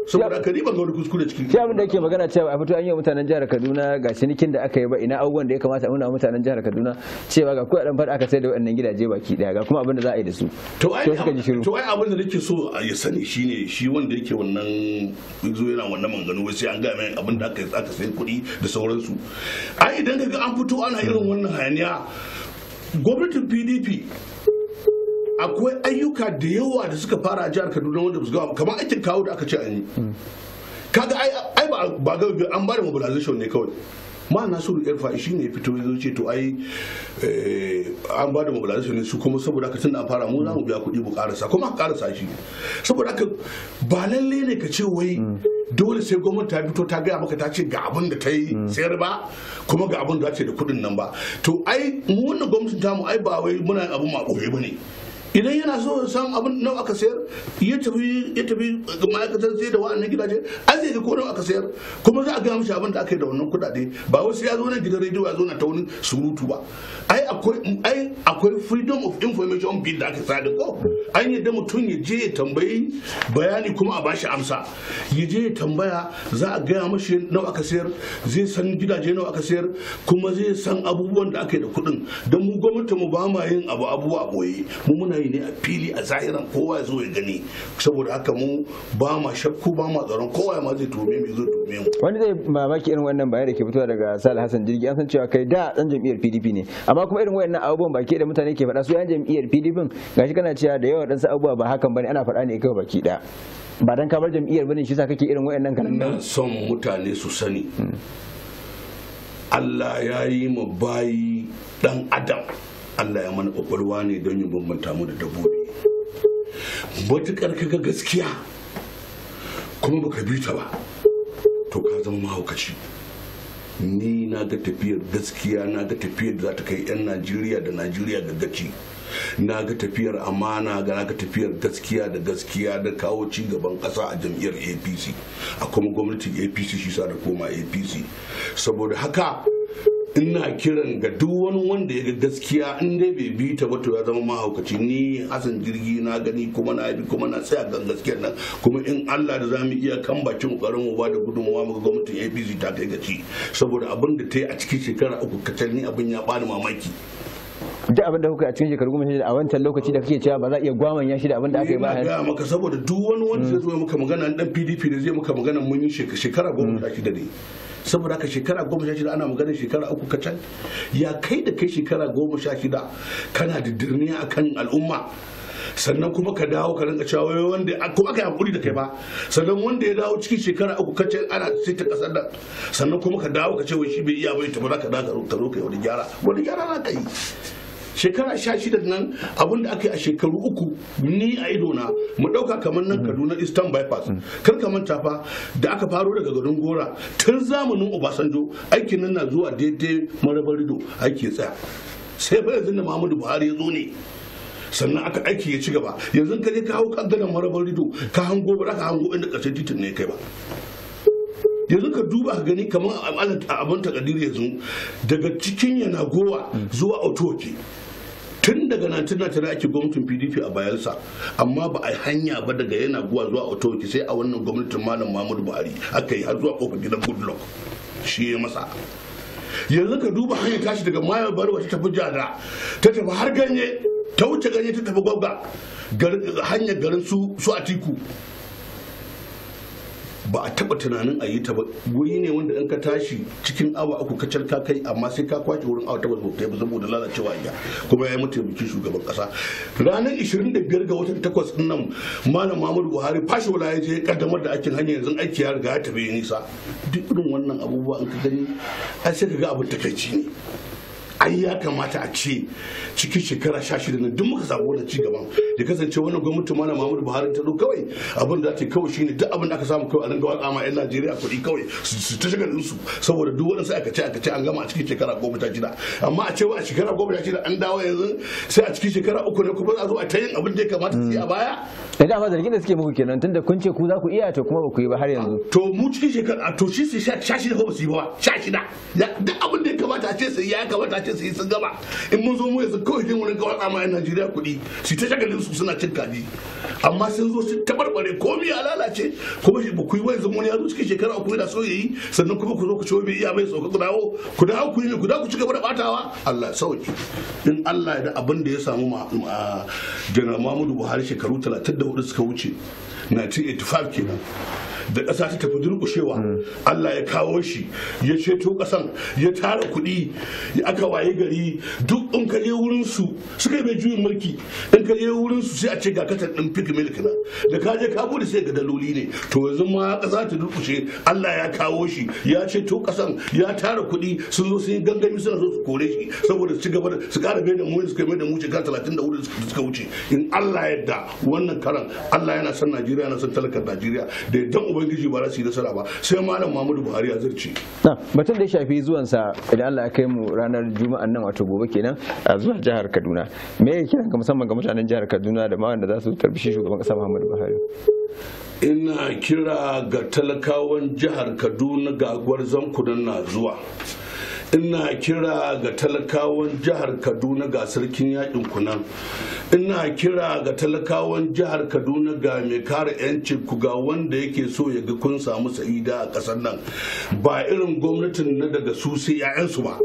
[SPEAKER 3] saboda ka riba ga wani kuskure cikin
[SPEAKER 2] shi abin da yake magana cewa a fito an yi wa mutanen jihar Kaduna ga cinikin da aka yi ba ina abubuwan da ya kamata a nuna mutanen jihar Kaduna cewa ga dan fada aka sai da waɗannan gidaje baki
[SPEAKER 3] daya ga kuma abin da za a yi da su to ai to ai abin da nake so ya sani shine shi wanda yake wannan zo yana wannan manganu wai sai an ga mai abin da aka yi aka sai kuɗi da sauransu ai idan ga an fito ana irin wannan hayaniya gwamnatin PDP akwai ayyuka da yawa da suka fara a jihar kaduna wanda ba su gawa kamar aikin kawo da aka ce an yi hmm. kaga ai ba ga biyu an bada mobilization ne kawai ma yar fa'i shi ne fito ya ce to ai eh, an bada mobilization ne su kuma saboda ka tunda an fara mu za mu biya kuɗi mu karasa kuma karasa shi saboda ka ba lalle ne ka ce wai hmm. dole sai gwamnati ta fito ta gaya maka ta ce ga abin da ta yi hmm. sayar ba kuma ga abin da ta ce da kuɗin nan ba to ai mu wannan gwamnatin tamu ai ba wai muna abin ma ba ne idan yana so san abin nawa aka sayar ya tafi ya tafi ga ma'aikatar sai da wa'annan gidaje an sai ga ko nawa aka sayar kuma za a ga mishi abin da aka yi da wannan kudade, ba wasu ya zo nan gidan rediyo ya zo na ta wani surutu ba ai akwai ai akwai freedom of information bill da aka sada ko an da mutum ya je ya tambayi bayani kuma a bashi amsa ya je ya tambaya za a gaya mashi nawa aka sayar zai san gidaje nawa aka sayar kuma zai san abubuwan da aka yi da kuɗin don mu gwamnati mu ba ma yin abu abubuwa boye mu muna alkhairi ne a fili a zahiran kowa ya zo ya gani saboda haka mu ba ma shakku ba ma tsaron kowa ma zai tume mu zai tume mu
[SPEAKER 2] wani zai mamaki irin wannan bayani da ke fitowa daga Sale Hassan Jirgi an san cewa kai da dan jam'iyyar PDP ne amma kuma irin wayannan abubuwan baki da mutane ke faɗa su yan jam'iyyar PDP gashi kana cewa da yawa dan su abubuwa ba hakan bane ana faɗa ne kai baki da ba dan kamar jam'iyyar bane shi sa kake irin wayannan kanan
[SPEAKER 3] nan son mutane su sani hmm. Allah ya yi mu bayi dan adam Allah ya mana kwakwalwa ne don ya bambanta mu da dabbobi matukar ga gaskiya kuma baka bi ta ba to ka zama mahaukaci ni na ga tafiyar gaskiya na ga tafiyar da za ta kai 'yan najeriya da najeriya ga gaci na ga tafiyar amana ga na ga tafiyar gaskiya da gaskiya da kawo ci gaban ƙasa a jam'iyyar apc a kuma gwamnatin apc shi sa da koma apc saboda haka ina kiran ga duk wani wanda ya ga gaskiya in dai bai bi ta ba to ya zama mahaukaci ni hasan jirgi na gani kuma na bi kuma na tsaya kan gaskiyar nan kuma in Allah da zamu iya kan bakin kokarin mu ba da gudunmawa mu gwamnatin APC ta kai gaci saboda abin da ta yi a cikin shekara uku kacal ni abin ya bani mamaki
[SPEAKER 2] duk abin da kuka a cikin shekaru goma a wancan lokaci da kake cewa ba za a iya gwaman ya shida abin da aka yi ba ina ga maka
[SPEAKER 3] saboda duk wani wanda zai zo maka magana dan PDP da zai maka magana mun yi shekara goma shida ne saboda haka shekara goma sha shida ana maganin shekara uku ka can ya kai da kai shekara goma sha shida kana da dirniya akan al'umma sannan kuma ka dawo ka rinka cewa wanda kuma ka yi hakuri da kai ba sannan wanda ya dawo cikin shekara uku ka can ana sai ta kasar da sannan kuma ka dawo ka ce wai shi bai iya bai ta ba za ka dawo ka zo ka yi wani gyara wani gyara na ka yi shekara sha shida nan abinda aka yi a shekaru uku ni a ido na mu ɗauka kamar nan kaduna eastern bypass kar ka manta da aka faro daga garin gora tun zamanin obasanjo aikin nan na zuwa daidai marabar rido aiki tsaya sai bai yanzu da muhammadu buhari ya zo ne sannan aka aiki ya ci gaba yanzu ka je ka hau kan marabar rido ka hango ba ka hango inda ƙarshen titin ne kai ba yanzu ka duba ka gani kamar a abin takadir yanzu daga cikin yana gowa zuwa otoke tun daga 1999 ake gwamnatin pdp a bayansa amma ba a hanya ba daga yana guwa zuwa otoki sai a wannan gwamnatin malam mahmud buhari aka yi har zuwa kofar gidan goodluck shi ya masa yanzu ka duba hanyar tashi daga mayar barwa ta tafi jada ta tafi har ganye ta wuce ganye ta tafi gwagwa hanyar garin su atiku ba a taba tunanin a yi ta ba guri ne wanda in ka tashi cikin awa uku kacal ka kai amma sai ka kwace wurin awa takwas ta ba saboda lalacewa ya kuma ya yi bikin shugaban kasa ranar ishirin da biyar ga watan takwas din nan malam Mamadu Buhari fashi wala ya je kaddamar da aikin hanya yanzu aiki ya riga ya tafi nisa duk irin wannan abubuwa in ka gani ai sai ka ga abin takaici ne ai ya kamata a ce cikin shekara sha shida na duk muka samu wannan cigaban da kasance wannan gwamnati malam Muhammadu Buhari ta zo kawai abin da ta kawai shine duk abin da aka samu kawai a ringa waka ma yan Najeriya kuɗi kawai su ta shiga su saboda duk sai aka ce aka ce an gama a cikin shekara goma ta shida amma a wa a shekara goma ta shida an dawo yanzu sai a cikin shekara uku ne kuma za a zo a ta yin abin da ya kamata su yi a baya.
[SPEAKER 2] Da eh, dama zargin da suke muku kenan tunda kun ce ku za ku iya
[SPEAKER 3] to kuma ba ku yi ba har yanzu. To mu cikin shekara to shi sai sha shida ko ba su yi ba sha shida duk abin da ya kamata a ce sai ya kamata ce su yi sun gaba in mun zo mu yanzu kawai jin wurin kawai tsama yan najeriya kuɗi su ta shagalin su suna cin kaji amma sun zo su tabarbare komi a lalace kuma ba ku yi wani zama wani ya zo cikin shekara ku da so ya yi sannan kuma ku zo ku ciwo bai iya mai sauka ku dawo ku dawo ku yi ne ku dawo ku ci gaba da batawa Allah sauki in Allah da abin da ya samu General Muhammadu Buhari shekaru 34 suka wuce 1985 kenan da ƙasa ta tafi durƙushewa Allah ya kawo shi ya ceto ƙasan ya tara kuɗi ya aka waye gari duk in ka je wurin su suka yi mai juyin mulki in ka je wurin su sai a ce ga katar din fik milk na da ka je ka bude sai ga daloli ne to yanzu ma ƙasa ta durƙushe Allah ya kawo shi ya ceto ƙasan ya tara kuɗi sun zo sun yi gangami suna zo su kore shi saboda su gaba su ƙara mai da mu suka mai da mu shekara talatin da da suka wuce in Allah yadda wannan karan Allah yana son Najeriya yana san talakar Najeriya da idan ubangiji ba za su yi nasara ba sai malam muhammadu buhari ya zarce
[SPEAKER 2] batun da ya shafi zuwansa idan allah ya kai mu ranar juma'an nan wato gobe kenan a zuwa jihar kaduna me ya kiran ga musamman ga mutanen jihar kaduna da ma wanda za su tarbishi shugaban kasa muhammadu buhari
[SPEAKER 3] ina kira ga talakawan jihar kaduna ga gwarzon kudin na zuwa ina kira ga talakawan jihar kaduna ga sarkin yakin kunan ina kira ga talakawan jihar kaduna ga mai kare yancin ku ga wanda yake so ya ga kun samu sa'ida a ƙasar nan ba irin gwamnatin na daga su sai 'ya'yansu ba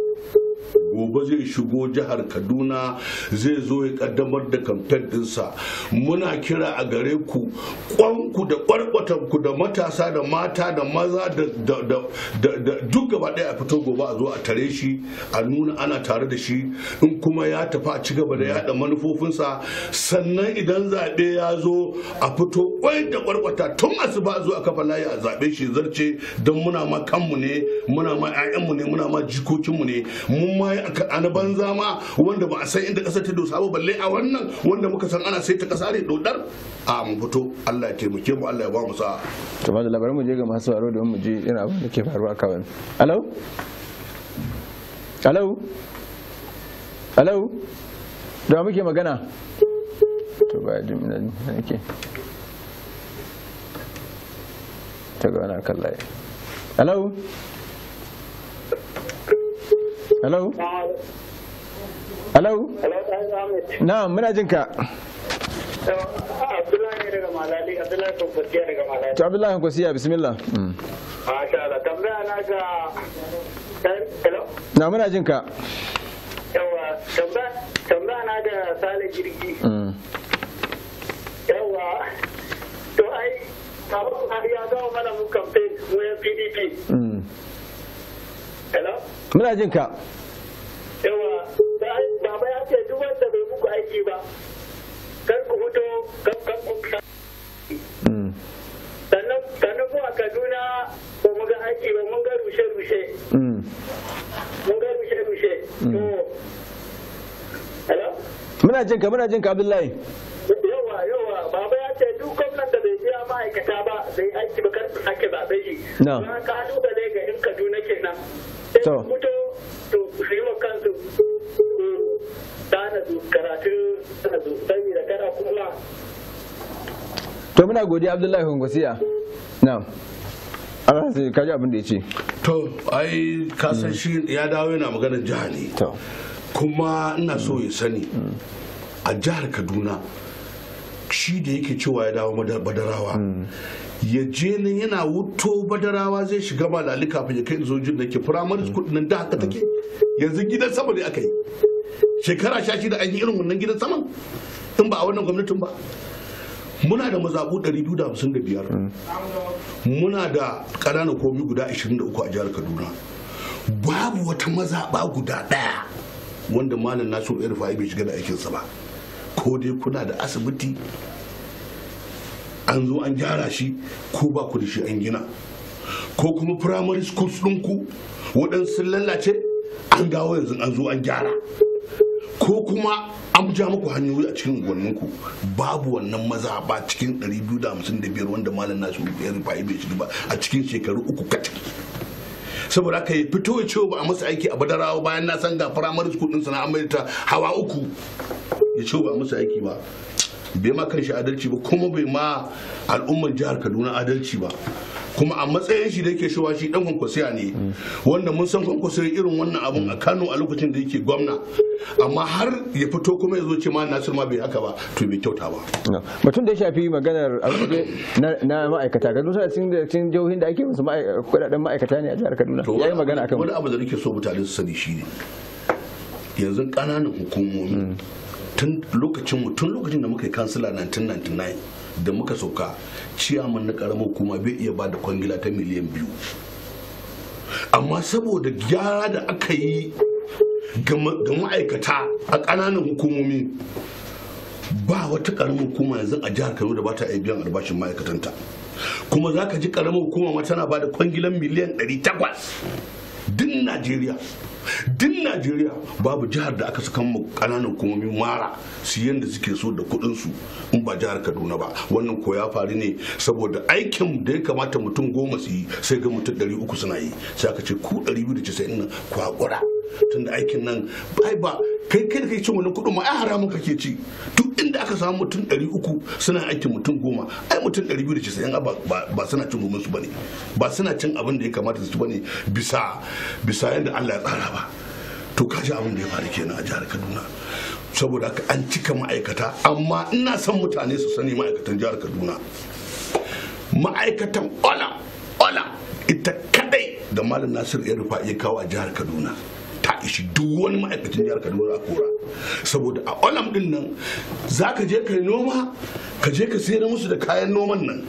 [SPEAKER 3] gobe zai shigo jihar kaduna zai zo ya kaddamar da kamfen dinsa muna kira a gare ku kwanku da kwarkwatanku da matasa da mata da maza da duk gaba ɗaya a fito gobe a zo a tare shi a nuna ana tare da shi in kuma ya tafi a ci gaba da yada manufofinsa sannan idan zaɓe ya zo a fito kwai da kwarkwata tun asuba zo a kafa layi a zaɓe shi zarce don muna ma kanmu ne muna ma 'ya'yanmu ne muna ma jikokinmu ne mun ma a na banza ma wanda ba a san inda kasar ta dosa ba balle a wannan wanda muka san ana sai ta kasa ne dodar a mu fito Allah ya taimake mu Allah ya ba mu sa'a
[SPEAKER 2] to ba da labarin mu je ga masu sauraro don mu je irin abin da ke faruwa kawai hello hello hello da muke magana to ba jin ina nake ta ga wani akalla ya hello hello hello na'am muna jin ka
[SPEAKER 3] Abdullahi daga Malali, Abdullahi Kwankwasiya daga Malali. To
[SPEAKER 2] Abdullahi Kwankwasiya, bismillah. Hmm.
[SPEAKER 3] Masha Allah, tambaya na ga Hello? Na muna jin Yawa, tambaya na ga Sale Jirgi.
[SPEAKER 2] Hmm. Yawa, to ai, Abu Buhari ya gawo mana mu kamfe mu PDP. muna jin ka yawa baba ya ce duk wanda bai muku aiki ba kar ku fito kan ku mm. sannan sannan mu Kaduna ba mu ga aiki ba mun ga rushe rushe mm. mun ga rushe rushe mm. hello muna jin ka muna jin ka Abdullahi yawa yawa baba ya ce duk gwamnan da bai biya ma'aikata ba bai aiki ba kar ake sake bai yi. na ka ga in Kaduna kenan To to su yi wa dana karatu saboda kana kuma to muna godi abdullahi hungusiya Na Allah sai ka ji abin da ya ce
[SPEAKER 3] to ai ka san shi ya dawo yana magana jiha ne kuma ina so ya sani a jihar kaduna shi da yake cewa ya dawo madarawa mm. ya je nan yana wuto badarawa zai shiga malali kafin ya kai zojin da ke firamare school nan da haka take yanzu gidan sama ne aka yi shekara sha shida an yi irin wannan gidan saman in ba a wannan gwamnatin ba muna da mazabu 255 muna da ƙananan komi guda 23 a jihar kaduna babu wata mazaba guda ɗaya wanda malam nasiru irfa bai shiga da aikinsa ba ko dai kuna da asibiti an zo an gyara shi ko ba ku da shi an gina ko kuma primary schools ɗinku waɗansu lalace an gawo yanzu an zo an gyara ko kuma an ja muku hanyoyi a cikin gwaninku babu wannan maza ba cikin 255 wanda malam nasu ya rufa bai ba a cikin shekaru uku katil saboda haka ya fito ya ce ba a masa aiki a badarawa bayan na san ga primary school ɗinsa na amurita hawa uku ya ce ba a masa aiki ba bai ma kan shi adalci ba kuma bai ma al'ummar jihar kaduna adalci ba kuma a matsayin shi da yake shiwa shi dan kwankwasiya ne wanda mun san kwankwasiya irin wannan abun a kano a lokacin da yake gwamna amma har ya fito kuma ya zo ce ma nasir ma bai haka ba to bai kyauta ba
[SPEAKER 2] mutum da ya shafi maganar na ma'aikata ga dusa cikin cikin jihohin da ake musu kudaden ma'aikata ne a jihar kaduna ya yi magana akan wani
[SPEAKER 3] abu da nake so mutane su sani shine yanzu kananan hukumomi mm. tun lokacin mu tun lokacin da muka yi kansila 1999 da muka sauka ciyaman na karamar kuma bai iya ba da kwangila ta miliyan biyu amma saboda gyara da aka yi ga ma'aikata a ƙananan hukumomi ba wata ƙaramin hukuma yanzu a jihar kano da ba ta biyan albashin ma'aikatanta kuma za ka ji karamar hukuma ma tana ba da kwangilan miliyan 800 din najeriya duk najeriya babu jihar da aka saka kananan hukumomi mara su yadda suke so da kudin su in ba jihar kaduna ba wannan ko ya faru ne saboda aikin da ya kamata mutum goma su yi sai ga mutum uku suna yi sai aka ce ku biyu 290 ku hakura tunda aikin nan bai ba kai kai kai cin wani kudin ma ai haramun kake ci duk inda aka samu mutum ɗari uku suna aikin mutum goma ai mutum ɗari biyu da ba suna cin gomin su bane ba suna cin abin da ya kamata su bane bisa bisa yadda Allah ya tsara ba to kaji abin da ya faru kenan a jihar Kaduna saboda haka an cika ma'aikata amma ina son mutane su sani ma'aikatan jihar Kaduna ma'aikatan ola ola ita kadai da malam nasir ya rufa ya kawo a jihar kaduna ta ishi duk wani ma'aikacin jihar kaduna a kora saboda a olam din nan za ka je ka noma ka je ka sayar musu da kayan noman nan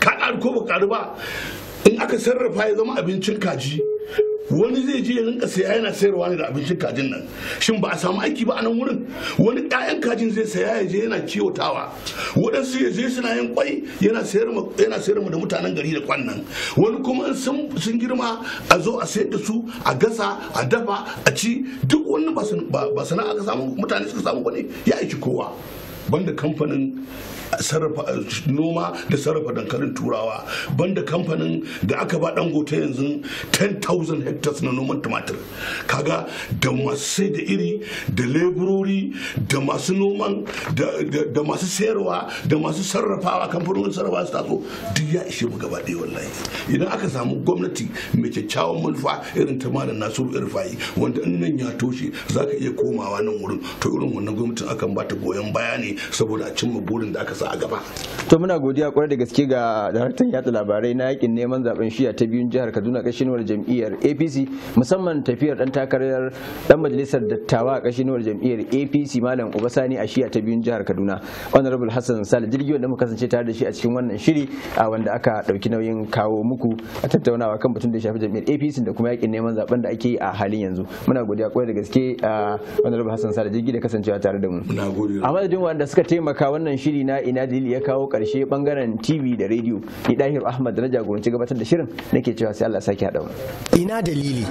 [SPEAKER 3] ka ko ba ƙaru ba in aka sarrafa ya zama abincin kaji wani zai je rinka saya yana sayarwa ne da abincin kajin nan shin ba a samu aiki ba a nan wurin wani ɗayan kajin zai saya ya je yana kiwotawa waɗansu ya je suna yin kwai yana sayar mu da mutanen gari da kwan nan wani kuma sun girma a zo a sayar da su a gasa a dafa a ci duk wani ba sana'a ka samu mutane suka samu ba ya aiki kowa banda kamfanin sarrafa noma da sarrafa dankalin turawa banda kamfanin da aka ba dangote yanzu 10,000 hectares na noman tumatir kaga da masu sai da iri da leburori da masu noman da masu sayarwa da masu sarrafawa kamfanin sarrafa su taso duk ya ishe buga gaba ɗaya wallahi idan aka samu gwamnati mai kyakkyawan manufa irin ta malam nasiru irfayi wanda in nan ya toshe za ka iya komawa nan wurin to irin wannan gwamnatin akan ba ta goyon baya ne saboda a cimma burin da aka su a gaba
[SPEAKER 2] to muna godiya kwarai da gaske ga daraktan yata labarai na yakin neman zaben shiya ta biyun jihar kaduna kashinuwar jam'iyyar apc musamman tafiyar dan takarar dan majalisar dattawa a kashinuwar jam'iyyar apc malam obasani a shiya ta biyun jihar kaduna honorable hassan sale jirgi wanda muka kasance tare da shi a cikin wannan shiri a wanda aka dauki nauyin kawo muku a tattaunawa kan batun da shafi jam'iyyar apc da kuma yakin neman zaben da ake yi a halin yanzu muna godiya kwarai da gaske a honorable hassan sale jirgi da kasancewa tare da mu a madadin wanda suka taimaka wannan shiri na ina dalili ya kawo karshe bangaren tv da rediyo ni dahir ahmad da na jagoranci gabatar da shirin nake cewa sai allah sake haɗa ina dalili